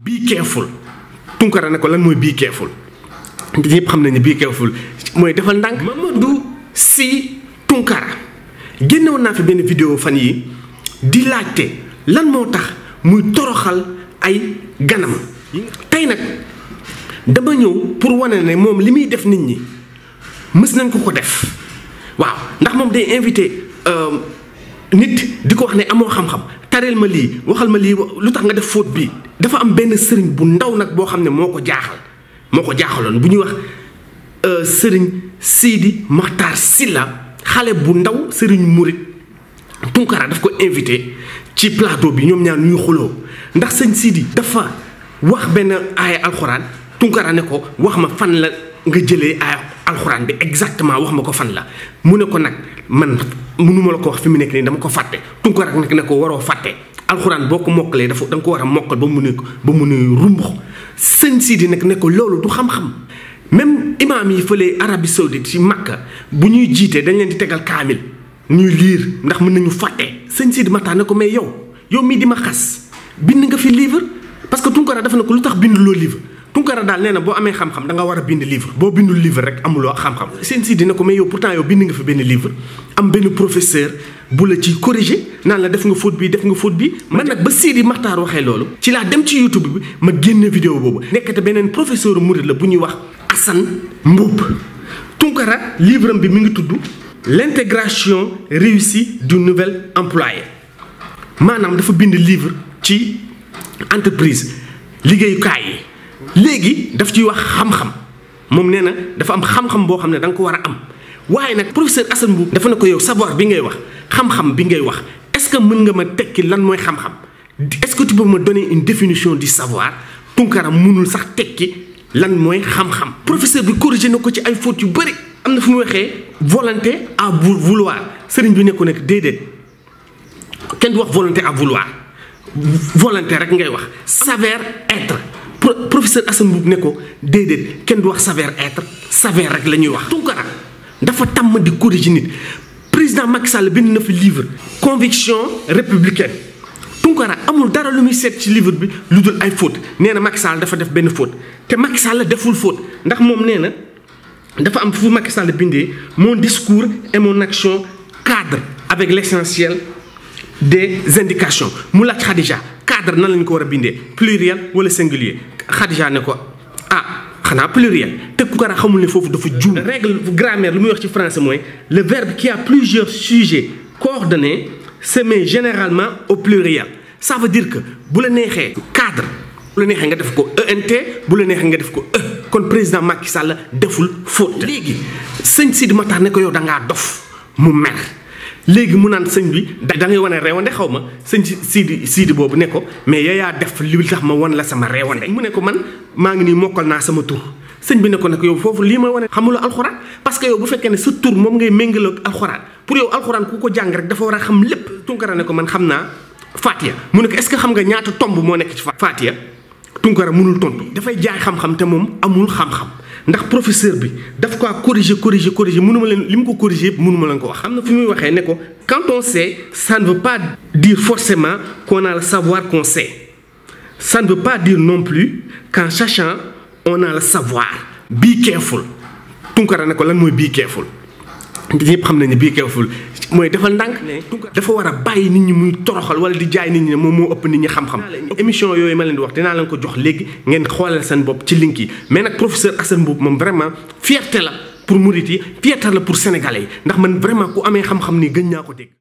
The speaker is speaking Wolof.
be careful Tounkara ne ko lan moy be careful ñëpp xam nañ ne be careful moy defal ndank Mamadou Sy Tounkara fi benn vidéo fan yi di laajte lan moo tax muy toroxal ay ganam tey nag dama pour wane ne moom li muy def nit ñi mës nañ ko ko invité euh, nit di ko wax ne xam-xam tareel ma lii waxal ma lii lu tax nga def faute bi dafa am benn sëriñ bu ndaw nag boo xam ne moo ko jaaxal moo ko jaaxaloon bu ñuy wax euh, sëriñ Sidi Maxtaar Silla xale bu ndaw sëriñ Murit Tunkara daf ko invité ci plateau bi ñoom ñaar ñuy xuloo ndax sëñ Sidi dafa wax benn aaya alxuraan Tunkara ne ko wax ma fan la nga jëlee aaya alxuraan bi exactement wax ma ko fan la mu ne ko nag man. mënuma la ko wax fi mu nekk nii dama ko fàtte Tunkara nag ne ko waroo fàtte alxuraan boo ko mokkalee dafa da nga ko war a mokkal ba mu ne ba mu ne rumbux sëñ Sidi nag ne ko loolu du xam-xam même imaam yi fële arabi Saoudite ci Makka bu ñuy jiitee dañ leen di tegal kaamil ñuy liir ndax mën nañu fàtte sëñ Sidi Makhtar ne ko mais yow yow mii di ma xas bind nga fi livre parce que Tunkara dafa ne ko lu tax bind loo livre Tunkara nga war livre bo un livre rek vous xam-xam sinsi ko pourtant yow fi livre am professeur bu la ci corriger nan la def nga faute bi def nga faute bi dem ci YouTube ma génné vidéo bobu professeur murid la bu wax livre bi l'intégration réussie du nouvel employé manam dafa bind livre ci entreprise léegi daf ci wax xam-xam mom néna dafa am xam-xam bo xamné dang ko wara am waaye nak professeur Assane bou dafa ne ko yow savoir bi ngay wax xam-xam bi ngay wax est-ce que mën nga ma tekki lan moy xam-xam est-ce que tu peux me donner une définition du savoir Tounkara mënul sax tekki lan moy xam-xam professeur bi corrigé na ko ci ay fautes yu bëri amna na fu mu volonté à vouloir serigne bi ne nek Dédé. ken du wax volonté à vouloir volonté rek ngay wax savoir être professeur Assane Mboup ne ko déedéet kenn du wax savoir être savoir rek lañuy ñuy wax. Tounkara dafa tam di corriger nit président Macky Sall bind neuf livre conviction républicaine Tounkara amul dara lu muy seet ci livre bi y a ay faute nee na Macky Sall dafa def une faute te Macky Sall une faute ndax a fait une dafa am fu Macky Sall faute. mon discours et mon action cadre avec l'essentiel des indications mu laaj déjà cadre nan lañ ko wara bindé pluriel wala singulier khadija ne ko ah xana pluriel te ku ko xamul ne fofu dafa juum. règle grammaire lu muy wax ci français mooy le verbe qui a plusieurs sujets coordonnés se met généralement au pluriel ça veut dire que bu la neexee cadre. bu la neexee nga def ko ENT bu la nga def ko E kon président Macky Sall deful faute. légui sëñ Sidi Matar ne ko yow da nga dof mu mer. léegi mu naan sëñ bi da ngay wane reewande xaw ma sëñ si siidi siidi boobu ne ko mais yaa def li tax ma wan la sama reewande mu ne ko man maa ngi nii mokkal naa sama tur sëñ bi ne ko nag yow foofu lii may wane xamuloo alxuraan parce que yow bu fekkee ne sa tur moom ngay méngaloo alxuraan pour yow alxuraan ku ko jàng rek dafa war a xam lépp tunkara ne ko man xam naa Faatiya mu ne ko est-ce que xam nga ñaata tomb moo nekk ci Faatiya Tunkara mënul tontu dafay jaay xam-xam te moom amul xam-xam ndax professeur bi daf ko corriger corriger corriger mënuma leen lim ko corriger yëpp mënuma leen ko wax. xam na fi muy waxee ne ko quand on sait ça ne veut pas dire forcément qu'on a le savoir qu'on sait ça ne veut pas dire non plus qu'en sachant on a le savoir. be careful Tunkara ne ko lan mooy be careful yëpp xam na ne bii keeful mooy defal ndànk dafa war a bàyyi nit ñi muy toroxal wala di jaay nit ñi moom moo ëpp nit ñi xam-xam émission yooyu ma leen di wax dinaa leen ko jox léegi ngeen xoolal seen bopp ci link yi mais nag professeur Assane Mboup moom vraiment fierté la pour murit yi fierté la pour sénégalais yi ndax man vraiment ku amee xam-xam nii gën ñaa ko dégg